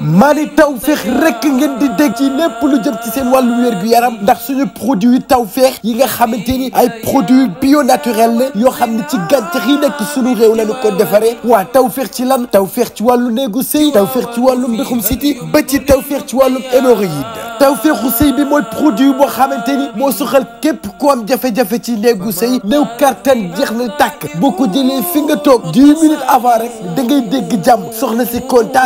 Mali tawfex rek ngeen di dégg ci lépp lu jëm ci seen wàllu wér gu yaram ndax suñu produit tawfex yi nga xamante ni ay produit bio naturel la yoo xam ne ci gàncax yi nekk suñu réew la ñu ko defaree waa Tawfekh ci lan tawfex ci wàllu néegu sëy tawfex ci wàllu mbixum siti ba ci tawfex ci wàllu hémorroïde tawfexu sëy bi mooy produit boo xamante ni moo soxal képp ko am jafe-jafe ci néegu sëy néew kattan jeex na tàkk boo ko jëlee fi nga toog 10 minutes avant rek da ngay dégg jàmm soxna si contact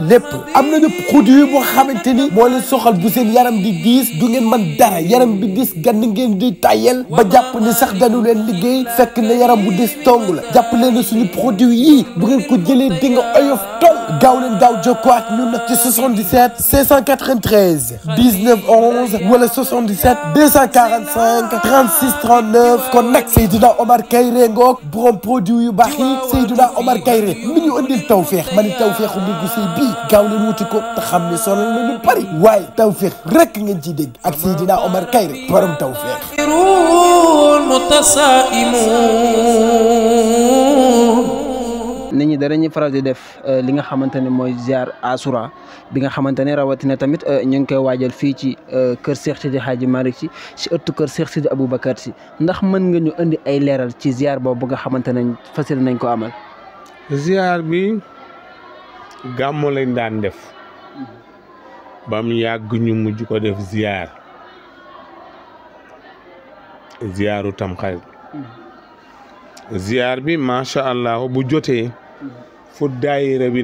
def lépp am nañu produit boo xamante ni moo leen soxal bu seen yaram di diis du ngeen mën dara yaram bi diis gann ngeen di tayel ba jàpp ni sax dañu leen liggéey fekk na yaram bu diis tong la jàpp leen ne suñu produit yii bu ngeen ko jëlee di nga oyof tong gaaw leen gaaw jokkoo ak ñun nag ci 77 593 19 11 wala 77 245 36 39 kon nag Seydina Omar Kayre ngoog borom produit yu baax yi Seydina Omar Kayre mi ñu andil tawfeex ma ni tawfeexu mbir gu say bi bii gaaw leen wuti ko te xam ne sonal na lu bari waaye tawfeex rek ngeen ciy dégg ak Seydina Omar Kayre borom tawfeex nit ñi dara ñu faral di def euh, li nga xamante ne mooy ziar asura bi nga xamante ne rawatina tamit euh, ñu ngi koy waajal fii ci euh, kër Cheikh Sidi Hadji Malick si si ëttu kër Cheikh Sidi Aboubacar si ndax mën nga ñu indi ay leeral ci ziar boobu nga xamante ne fas nañ ko amal. ziar bi. gàmmo lañ daan def bam mu yàgg ñu mujj ko def ziyaar ziyaaru tamxarit ziyaar bi macha allah bu jotee fu daayira bi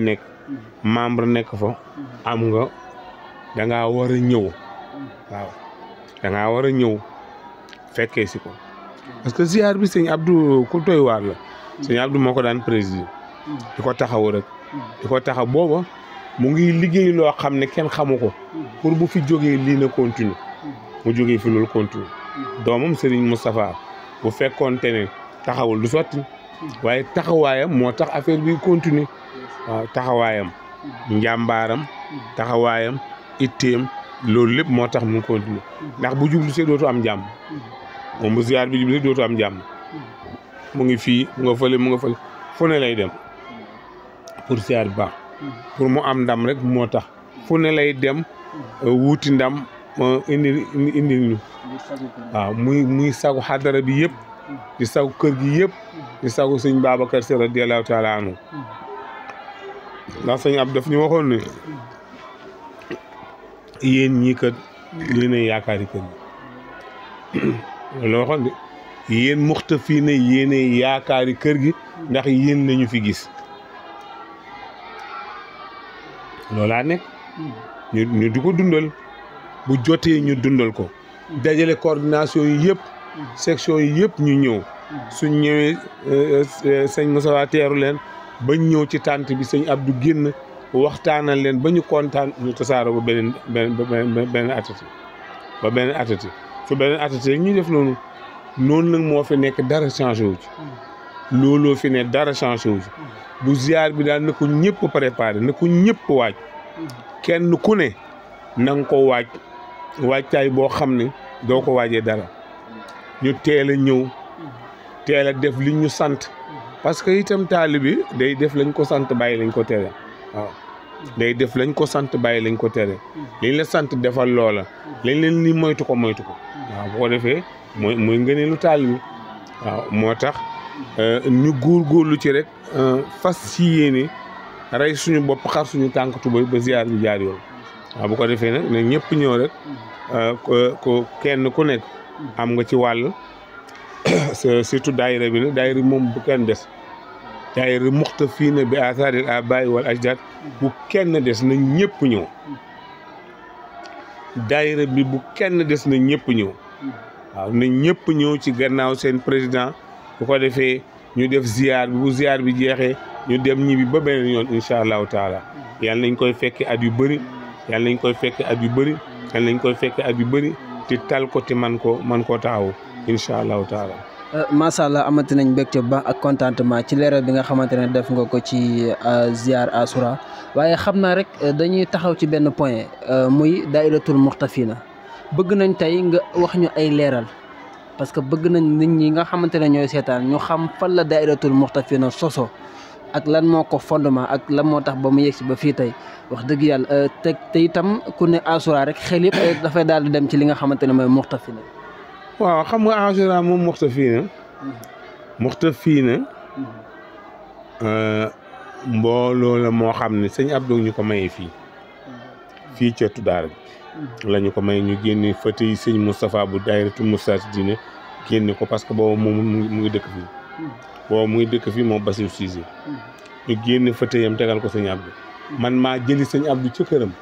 nekk membre nekk fa am nga danga ngaa war a ñëw waaw da ngaa war a ñëw fekkee si ko parce que ziyaar bi sëñ Abdou ku doy waar la sëñ moo ko daan présider di ko taxawu rek. di ko taxaw boobu mu ngi liggéey loo xam ne kenn xamu ko. pour bu fi jógee lii na continue mu jógee fi loolu continue doomam Serigne Moustapha bu fekkoonte ne taxawul du sotti. waaye taxawaayam moo tax affaire bi continue waaw taxawaayam. njàmbaaram. taxawaayam itteem loolu lépp moo tax mu continue ndax bu jublu see dootu am jàmm. moom bu ziar bi jublu see am jàmm. mu ngi fii mu nga fële mu nga fële fu ne lay dem. pour siyaar bi baax pour mu am ndam rek moo tax fu ne lay dem euh, wuti ndam euh, indi indi ñu waaw muy muy sagu xadara bi yëpp di sagu kër gi yëpp di sagu sëñ Babacar Si radiyallaahu taala anhu ndax sëñ ab daf ñu waxoon ne yéen ñii kat yéen ay yaakaari kër gi loolu la waxoon de muxta fii ne yéen yaakaari kër gi ndax yéen lañu fi gis loolaa nekk ñu ñu di ko dundal bu jotee ñu dundal ko dajale coordination yi yëpp section yi yëpp ñu ñëw suñ ñëwee euh, euh, sëñ Moussa teeru leen bañ ñëw ci tànt bi sëñ Abdou génn waxtaanal leen ba ñu kontaan ñu tasaaro ba beneen beneen atati ba beneen atati su beneen atati rek ñuy def noonu noonu nag moo fi nekk dara changé wu ci looloo fi dara changé wu bu ziar bi daal na ko ñëpp préparé na ko ñëpp waaj kenn ku ne na ko waaj waajtaay boo xam ne doo ko waajee dara ñu teel a ñëw teel a def li ñu sant parce que itam taali bi day def lañ ko sant bàyyi lañ ko tere waaw day def lañ ko sant bàyyi lañ ko tere la sant defal loola lañ leen ni moytu ko moytu ko defee mooy mooy ngëneelu taali bi waaw moo tax Euh, ñu góorgóorlu ci rek euh, fas ci yéene rey suñu bopp xar suñu tànk tubay ba ziar bi yoon waaw bu ko defee nag ne ñëpp ñëw rek euh, ko kenn ku nekk am nga ci wàll surtout daayira bi nag daayira moom bu kenn des daayira muxtafiina bi athaaril abaay wal ajdaad bu kenn des na ñëpp ñëw daayira bi bu kenn des na ñëpp ñëw waaw na ñëpp ñëw ci gannaaw seen président bu ko defee ñu def ziar bi bu ziar bi jeexee ñu dem ñibbi ba beneen yoon incha allahu taala yàlla nañ koy fekke at yu bëri yàlla nañ koy fekk at yu bëri yàlla nañ koy fekke at yu bëri te tal ko te man ko man koo taawu incha allahu taala euh, macha allah amati nañ mbégte ba baax ak contentement ci leeral bi nga xamante ne def nga ko ci euh, ziar asura waaye xam naa rek euh, dañuy taxaw ci benn point muy dairatul muxtafina bëgg nañ tey nga wax ñu ay leeral parce que bëgg nañ nit ñi nga xamante ne ñooy seetaan ñu xam fan la daayiratul muxtafina soso ak lan moo ko fondement ak lan moo tax ba mu yegg si ba fii tey wax dëgg yàlla euh, te te itam ku ne Achoura rek xel yëpp euh, dafay daal di dem ci li nga xamante ne mooy na waaw xam nga Achoura moom muxtafina muxtafina mhm. euh, mbooloo la moo xam ne sëñ Abdou ñu ko maye fii fii cettu daara bi mm-hmm. la ñu ko may ñu génne fëtë yi sëñ Moustapha bu daayiratu Moustapha diine génne ko parce que boobu moom mu ngi dëkk fii mm-hmm. boobu mu ngi dëkk fii moom Bassirou Cissé mm-hmm. ñu génne fëtë yam tegal ko sëñ Abdou man maa jëli sëñ Abdou ca këram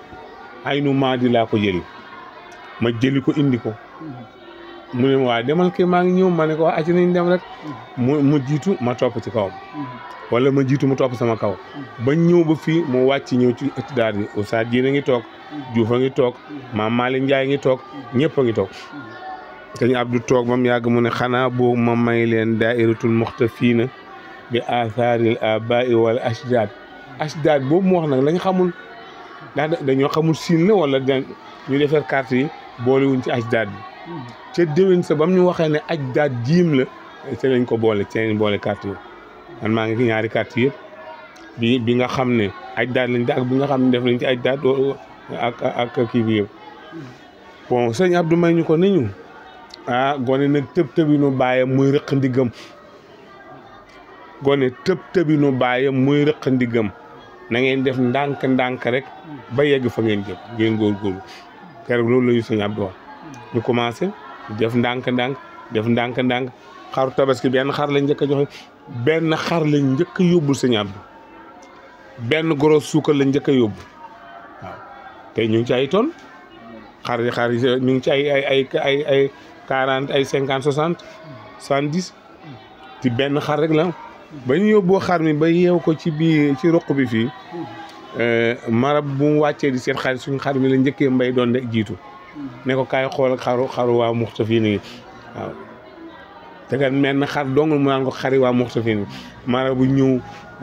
ay nu maa di laa ko jëli ma jëli ko indi ko mu ne ma waaye demal kii maa ngi ñëw ma ne ko waa acci nañ dem rek mm-hmm. mu mu jiitu ma topp ci kawam mm-hmm. wala ma jiitu mu topp sama kaw mm-hmm. ba ñëw ba fii mu wàcc ñëw ci ëtt daal bi Oustaz Diéne ngi toog Diouf a ngi toog Maam Malick Ndiaye ngi toog ñëpp a ngi toog ab du toog ba mu yàgg mu ne xanaa boo ma may leen daairatul muxtafiina bi athaaril abai wal ashdad ashdad boobu mu wax nag lañ xamul daa dañoo xamul siin la wala da ñu defar carte yi boolewuñ ci ashdad bi ca déwén sa ba mu ñu waxee ne aj daat jiim la te lañ ko boole ci lañ boole carte yi man maa ngi ci ñaari carte yëpp bi bi nga xam ne aj daat lañ ak bi nga xam ne def lañ ci aj daat ak ak bon sëñ Abdou may ñu ko ni ñu ah gone nag tëb tëbinu bàyyam muy rëq ndiggam gone tëb tëbinu bàyyam muy rëq ndiggam na ngeen def ndànk ndànk rek ba yegg fa ngeen jëm ngeen góorgóorlu keroog loolu la ñu sëñ Abdou wax ñu commencé def ndànk-ndànk def ndànk-ndànk xaru tabaski benn xar lañ njëkk a joxe benn xar lañ njëkk a yóbbul benn gros suukar lañ njëkk a yóbbu waaw tey ñu ngi ci ay ton xar yi xar ñu ngi ci ay ay ay ay ay quarante ay cinquante soixante soixante-dix ci benn xar rek la ba ñu yóbboo xar mi ba yeew ko ci biir ci roq bi fii eh, marab bu mu wàccee di seet xar suñu xar mi la njëkkee mbay doon de jiitu ne ko kaay xool xaru xaru waa muxtafin yi waaw te kat menn xar dongul mu naan ko xari waa muxtafin mara bu ñëw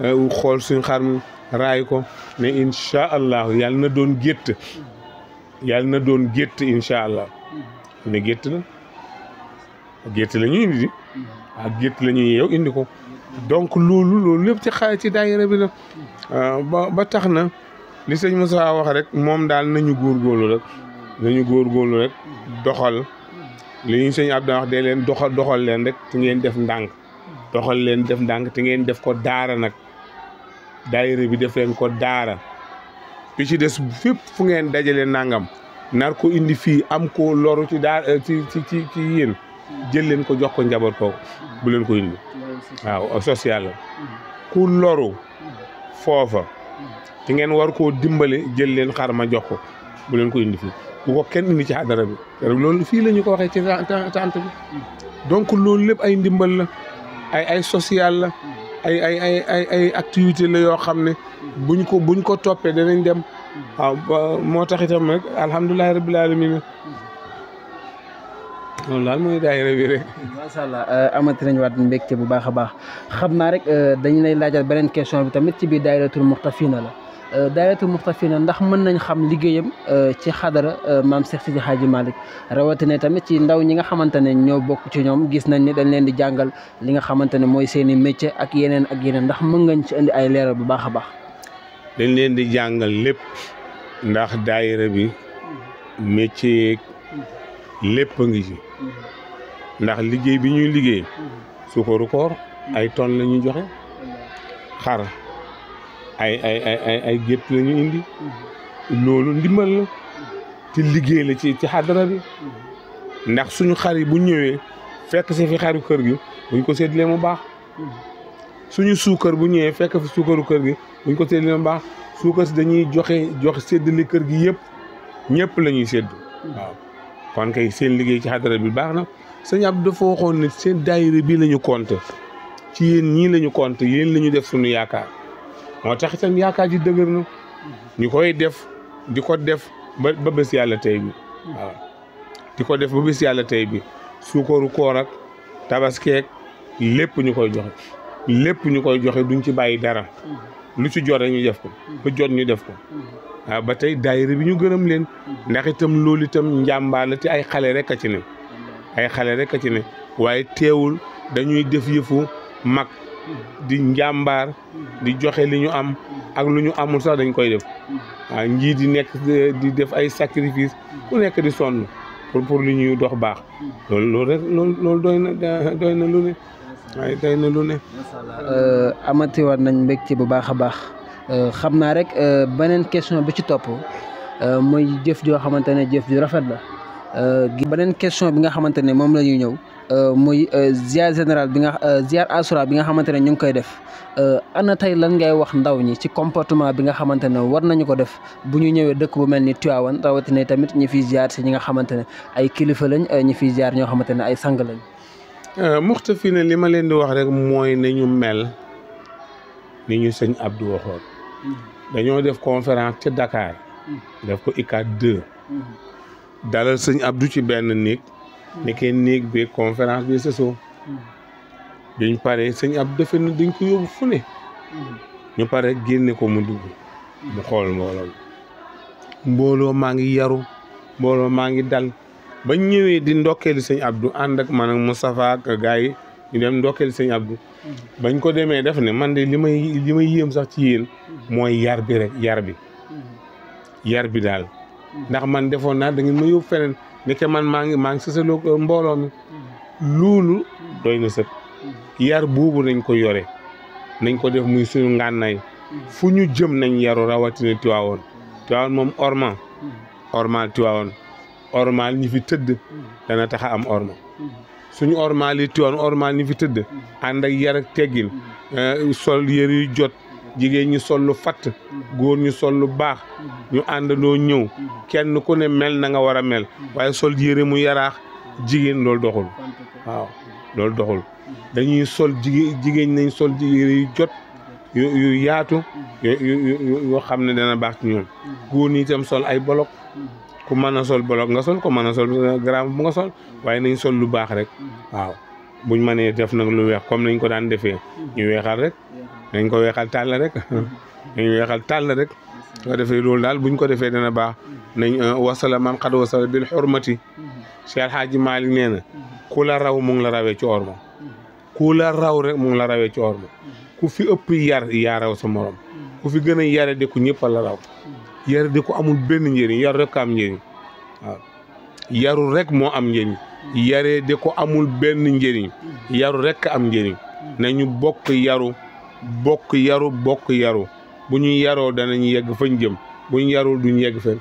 euh, xool suñu xar mi raay ko ne incha allahu yàlla na doon gétt yàlla na doon gétt incha allah ne gétt na gétt la ñuy indi mm-hmm. ak gétt la ñuy yow indi ko donc loolu loolu lépp ci xaay ci daayira bi la mm-hmm. euh, ba tax na li sëñ Moussa wax rek moom daal nañu góorgóorlu rek dañu góorgóorlu rek doxal li ñu sëñ Abdou wax dee leen doxal doxal leen rek te ngeen def ndànk doxal leen def ndànk te ngeen def ko daara nag daa daayira bi def leen ko daara bi ci des fépp fu ngeen dajale nangam nar ko indi fii am ko loru ci daa eh, ci ci ci ci yéen jël leen ko jox ko njaboot kooku bu leen ko indi waaw social la ku loru foofa te ngeen war ko dimbale jël leen xar ma jox ko bu leen ko indi fi bu kenn kenn indi ci xadara bi loolu fii lañu koo ko waxee ci tante bi donc loolu lépp ay ndimbal la ay ay social la ay ay ay ay ay activité la yoo xam ne buñ ko buñ ko toppee danañ dem waaw moo tax itam rek alhamdulilahi rabbil alamin loolu daal mooy daayira bi rek. macha allah euh, amati nañu waat mbégte bu baax a baax xam naa rek euh, dañu lay laajal beneen question bi tamit ci biir daayiratul muxtafina la. Euh, daayatu muxtafina ndax mën nañ xam liggéeyam euh, ci xadara euh, maam Cheikh Sidi Hadji Malick rawatina tamit ci ndaw ñi nga xamante ne ñoo bokk ci ñoom gis nañ ni dañ leen di jàngal li nga xamante ne mooy seen i métier ak yeneen ak yeneen ndax mën ngañ ci indi ay leeral bu baax a baax dañ leen di jàngal lépp ndax daayira bi métier lépp a ngi ci ndax liggéey bi ñuy liggéey suukaru koor ay tonnes la ñuy joxe xar ay ay ay ay lañu la ñu indi loolu ndimbal la te liggéey la ci ci xàddara bi ndax suñu xar yi bu ñëwee fekk si fi xaru kër gi buñ ko séddalee mu baax suñu suukar bu ñëwee fekk fi suukaru kër gi buñ ko séddalee mu baax suukar si dañuy joxe joxe séddale kër gi yëpp ñëpp lañuy sedd waaw kon kay seen liggéey ci xàddara bi baax na sëñ Abdou dafa waxoon ne seen daayira bi la ñu ci yéen ñii lañu ñu compté yéen def suñu yaakaar moo tax itam yaakaar ji dëgër na ñu koy def di ko def ba ba bés yàlla tey bi waaw di ko def ba bés yàlla tey bi suukaru koor ak tabaskeek lépp ñu koy joxe lépp ñu koy joxe duñ ci bàyyi dara lu ci jot rek ñu def ko ba jot ñu def ko waaw ba tey daayira bi ñu gërëm leen ndax itam loolu itam njàmbaar la te ay xale rek a ci ne ay xale rek a ci ne waaye teewul dañuy def yëfu mag di njàmbaar di joxe li ñu am ak lu ñu amul sax dañ koy def waaw njiit di nekk di def ay sacrifice ku nekk di sonn pour pour li ñuy dox baax loolu rek loolu doy na doy na lu ne waaye doy na lu ne euh, amatiwaat nañ mbégte bu baax a baax euh, xam naa rek euh, beneen question bi ci topp mooy jëf joo xamante ne jëf ju rafet la beneen question bi nga xamante ne moom la ñuy ñëw Euh, muy euh, ziar général bi nga euh, ziar asura bi nga xamante ne ñu ngi koy def ana tey lan ngay wax ndaw ñi ci comportement bi nga xamante ne war nañu ko def bu ñu ñëwee dëkk bu mel ni Tivaouane rawatina tamit ñi fiy ziar si ñi nga xamante ne ay kilifa lañ ñi fi ziar ñoo xamante ne ay sang lañ. muxta fi ne li ma leen di wax rek mooy na ñu mel ni ñu sëñ Abdou waxoon hmm. dañoo def conférence ca Dakar. Hmm. def ko ICAT 2. Hmm. dalal sëñ Abdou ci benn néeg. ni kee néeg bi conférence bi sësoo biñ pare sëñ ab defe na dañ ko yóbbu fu ne ñu pare génne ko mu dugg mu xool mbooloo mbooloo maa ngi yaru mbooloo maa ngi dal bañ ñëwee di ndokkeelu sëñ Abdou ànd ak man mu Moustapha ak gars yi ñu dem ndokkeelu sëñ Abdou bañ ko demee daf ne man de li may li may yéem sax ci yéen mooy yar bi rek yar bi yar bi daal ndax man defoon naa da ma yóbbu feneen ni que man maa ngi maa ngi sësaloo euh, mbooloo mi loolu doy na sëkk yar boobu nañ ko yore nañ ko def muy suñu ngànnaay fu ñu jëm nañ yaru rawatina Tiwaawoon Tiwaawoon moom orma ormal Tiwaawoon ormal ñi fi tëdd dana tax am orma suñu ormal yi Tiwaawoon ormal ñi fi tëdd ànd ak yar ak teggin euh, sol yeri jot jigéen ñu sol lu fatt góor ñu sol lu baax ñu àndandoo ñëw kenn ku ne mel na nga war a mel waaye sol yére mu yaraax jigéen loolu doxul waaw loolu doxul dañuy sol jigéen jigéen nañ sol yére yu jot yu yaatu yoo xam ne dana baax ci ñoom góor ñi tam sol ay bolok ku mën a sol bolok nga sol ko mën a sol grand bu nga sol waaye nañ sol lu baax rek waaw buñ mënee def nag lu weex comme nañ ko daan defee mm-hmm. ñu weexal rek nañ ko weexal tàll rek nañ mm-hmm. weexal tàll rek soo mm-hmm. defee loolu daal buñ ko defee na baax nañ euh, wasala man xad wasala bil xurmati Cheikh Hadji Malick nee na ku la raw mu la rawee ci or ku la raw rek mu la rawee ci ku fi ëpp yar yaa raw sa morom ku fi gën a yare di ku ñëpp a la raw yare di ku amul benn njëriñ yar rek kaam njëriñ waaw yarul rek moo am njëriñ yare di ko amul benn njëriñ yaru rekk am njëriñ nañu bokk yaru bokk yaru bokk yaru bu ñu yaroo danañ yegg fañ jëm bu ñu yarul duñ yegg fenn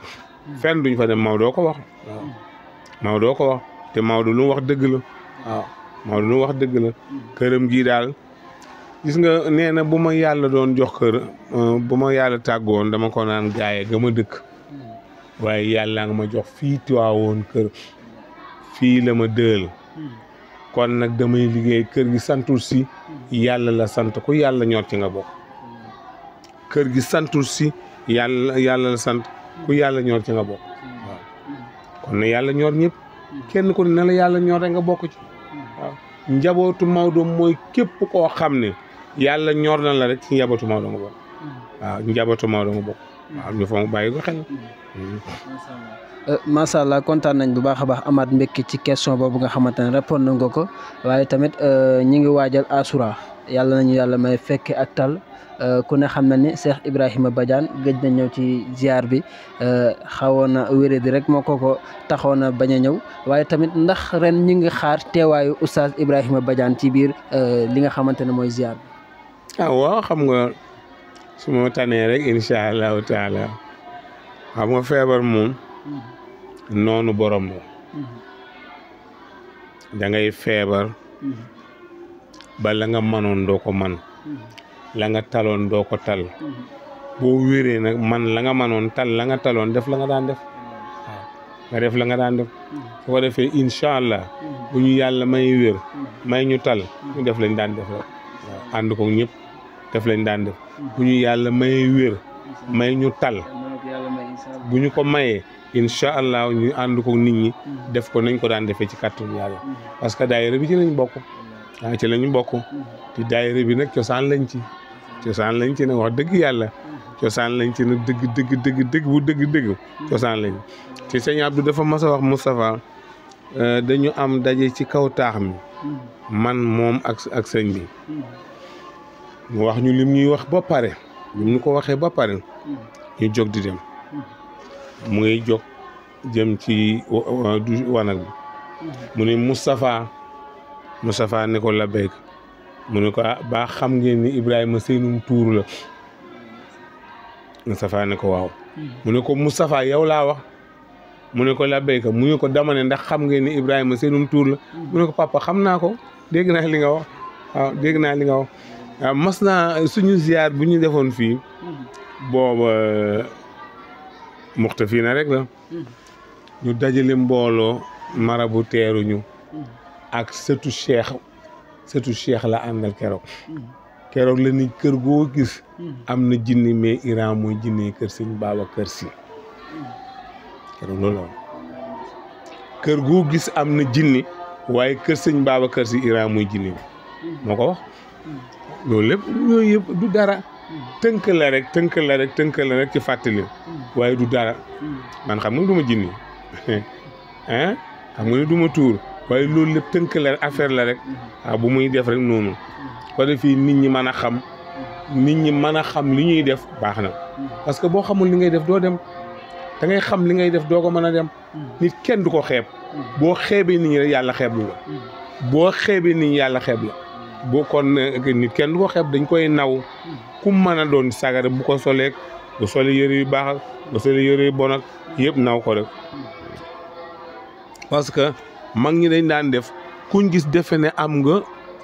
fenn duñ fa dem Maodo ko wax Maodo ko wax te Maodo lu wax dëgg la waaw Maodo lu wax dëgg la këram gii daal gis nga nee na bu ma yàlla doon jox kër euh, bu ma yàlla tàggoon dama ko naan gaaye ga ma dëkk hmm. waaye yàlla nga ma jox fii Tiwaawoon kër fii la ma dëël hmm. kon nag damay liggéey kër gi santul si hmm. yàlla la sant ku yàlla ñor ci nga bokk hmm. kër gi santul si yàlla yàlla la sant ku yàlla ñor ci nga bokk waaw kon na yàlla ñor ñëpp kenn ku ne na yàlla ñor rek nga bokk ci waaw njabootu Maodo mooy képp koo xam ne yàlla ñoor na la rek ci njabootu Maodo nga bokk waaw njabootu Maodo nga bokk waaw ñu fa mu bàyyi ko xel Euh, macha allah kontaan nañ bu baax a baax amaat mbékki ci question boobu nga xamante ne répond na ko ko waaye tamit euh, ñi ngi waajal asura yàlla nañu yàlla may fekke ak tal euh, ku ne xam na ni Cheikh Ibrahima Badiane gëj na ñëw ci ziar bi xawoon na wéré di rek moo ko ko taxoon na bañ a ñëw waaye tamit ndax ren ñi ngi xaar teewaayu oustaz Ibrahima Badiane ci biir li nga xamante ne mooy ziar bi. Ah, xam nga su ma tànnee rek incha allahu taala xam nga feebar moom. noonu borom la da feebar bala nga manoon doo ko man la nga taloon doo ko tal boo wéree nag man la nga manoon tal la nga taloon def la nga daan def waaw def la nga daan def su ko defee incha allah bu ñu yàlla may wér may ñu tal ñu def lañ daan def rek lañ daan def ñu yàlla may wér may ñu tal bu ñu ko mayee incha allah ñu ànd ko nit ñi mm-hmm. def ko nañ ko daan defee ci kàttanu yàlla mm-hmm. parce que daayira bi ci lañ bokk waaw ci lañu bokk mm-hmm. te daayira bi nag cosaan lañ ci cosaan lañ ci nag wax dëgg yàlla cosaan lañ ci nag dëgg dëgg dëgg bu dëgg dëgg cosaan lañ ci sëñ Abdou dafa mas a wax Moustapha euh, dañu am daje ci kaw taax mi man moom ak sëñ bi mu wax ñu lim ñuy wax ba pare ñu ko waxee ba ñu jóg di dem mu ngi jóg jëm ci wanag bi mu ni Moustapha Moustapha ne ko labbayk ah, mu ne ko ba xam ngeen ni Ibrahima seenum tuur la Moustapha ko waaw hmm. mu ne ko Moustapha yow laa wax mu ne ko labbayka mu ne ko dama ne ndax xam ngeen ni Ibrahima seenum tuur la mu ne ko xam naa ko dégg naa li nga wax waaw naa li nga wax waaw mas naa suñu bu ñu defoon fii hmm. booba muxtafi na rek ñu dajale mbooloo bu teeruñu ak sëtu cheikh sëtu cheikh la àndal keroog keroog la ni kër goo gis am na jinni mais Iran mooy jinne kër sëñ Babacar keroog loolu kër goo gis am na jinni waaye kër sëñ kërsi Si Iran mooy jinne moo ko loolu lépp yooyu yëpp du dara tënk la rek tënk la rek tënk la rek ci fàttali waaye du dara man xam nga du ma jinni ah xam nga du ma tuur waaye loolu lépp tënk la affaire la rek ah bu muy def rek noonu wa defee nit ñi mën a xam nit ñi mën a xam li ñuy def baax na parce que boo xamul li ngay def doo dem da ngay xam li ngay def doo ko mën a dem nit kenn du ko xeeb boo xeebee nit ñi rek yàlla xeeb la boo xeebee nit ñi yàlla xeeb la boo kon nit kenn du ko xeeb dañ koy naw ku mën a doon sagare bu ko soleek lu sole yëre yu baax ak bu yëre yu bon yëpp naw ko rek parce que mag ñi dañ daan def kuñ gis defe ne am nga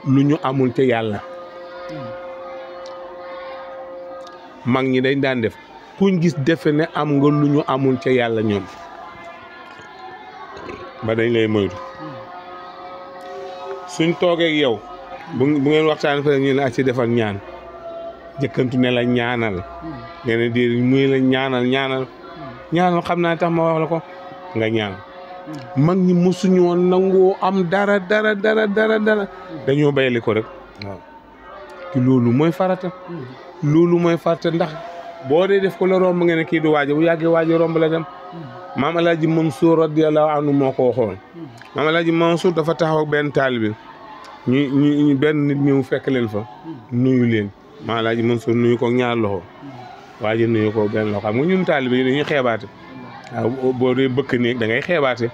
lu ñu amul te yàlla mag ñi dañ daan def kuñ gis defe ne am nga lu ñu amul ca yàlla ñoom ba dañ lay moytu suñ toogee ak yow bu ngeen waxtaan fa ñu ne ci defal ñaan jëkkantu ne la ñaanal hmm. ngeen ne diir muy la ñaanal ñaanal hmm. ñaanal xam naa tax ma wax la ko nga ñaan hmm. mag ñi mosuñu woon nangoo am dara dara dara dara dara dañoo bayali ko rek waaw loolu mooy farata loolu mooy farata ndax boo dee def ko la romb ngeen ne kii du waajo bu yàggee waajo romb la dem maam alaaji Mansour radiyallahu anhu moo ko waxoon maam alaaji Mansour dafa taxaw benn taalibe bi ñu ñu ñu benn nit ñëw fekk leen fa hmm. nuyu leen maa laa mën soo nuyu ko ñaar loxo hmm. waa ji nuyu ko benn loxo xam nga ñun taalibe yi dañuy xeebaate hmm. boo dee bëkk néeg da ngay xeebaate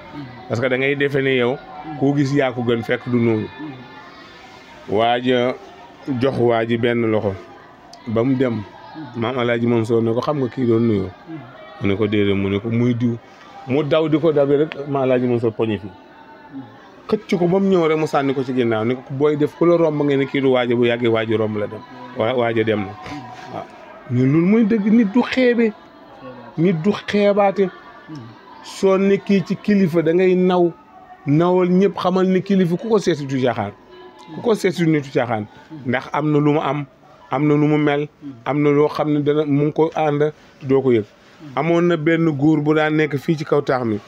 parce que dangay ngay defe ne yow koo gis yaa ko gën fekk du noonu waa jox waa ji benn loxo ba mu dem maam alaaji moom soo ne xam nga kii doon nuyoo mu ne ko déedéet mu ne muy diw mu daw di ko dabe rek maam alaaji moom soo poñi xëcc ko ba mu ñëw rek mu sànni ko ci ginnaaw ni ko booy def ku la romb ngeen ne kii du waaja bu yàggee waaji romb la dem waa waaja dem na waaw ñun loolu mooy dëgg nit du xeebe nit du xeebaate soo nekkee ci kilifa da ngay naw nawal ñëpp xamal ni kilifa ku ko seeti du caaxaan ku ko seeti du nitu caaxaan ndax am na lu mu am am na lu mu mel am na loo xam ne dana mu ngi ko ànd doo ko yëg amoon na benn góor bu daan nekk fii ci kaw taax mi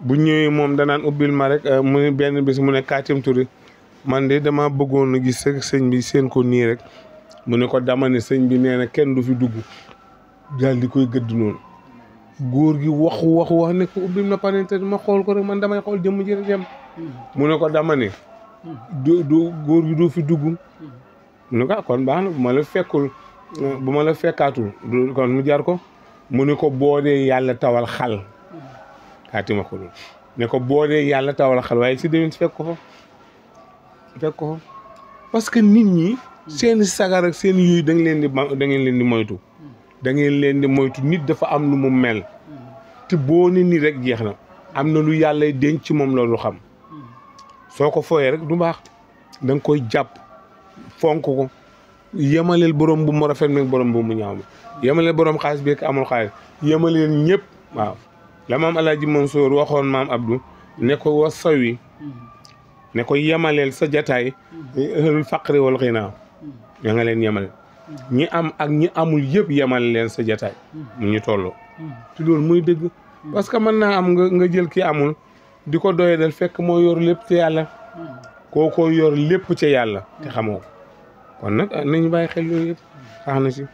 bu ñëwee moom danaan ubbil ma rek eh, mu benn bis mu ne Kaatim man de dama bëggoon a gis sëñ bi seen nii rek mu ne ko dama ne sëñ bi nee na kenn du fi dugg daal koy gëdd noonu góor gi waxu waxu wax ne ko ubbil ma ma xool man damay xool jëmm jërë jëm mu ne ko dama du góor gi du fi dugg nu ah, kon baax na bu ma la fekkul eh, bu ma la fekkaatu du kon mu jar ko mu ne ko boo yàlla tawal xal xaatima ko loolu ne ko boo yàlla tawal xal waaye si déwén fekk ko fa fekk ko fa parce que nit ñi seen sagar ak seen yuy da leen di da ngeen leen di moytu da ngeen leen di moytu nit dafa am lu mu mel te boo ni nii rek jeex na am na lu yàlla denc ci moom loolu xam hmm. soo ko fooyee rek du baax danga koy jàpp fonk ko yemaleel borom bu mu rafet mi borom bu mu ñaaw mi yemaleel borom xaalis bi ak amul xaalis yemaleel ñëpp waaw la maam Alaaji Mansour waxoon maam Abdou ne ko wasawi ne ko yemaleel sa jataay ahlul faqri wal xinaa ña nga leen yemaleel ñi am ak ñi amul yëpp yemal leen sa jataay mu ñu tolloo te muy dëgg parce que mën naa am nga nga jël ki amul di ko doye dal fekk moo yor lépp ci yàlla kookoo yor lépp ci yàlla te xamoo kon nag nañu baax bàyyi xel yooyu yëpp baax na si.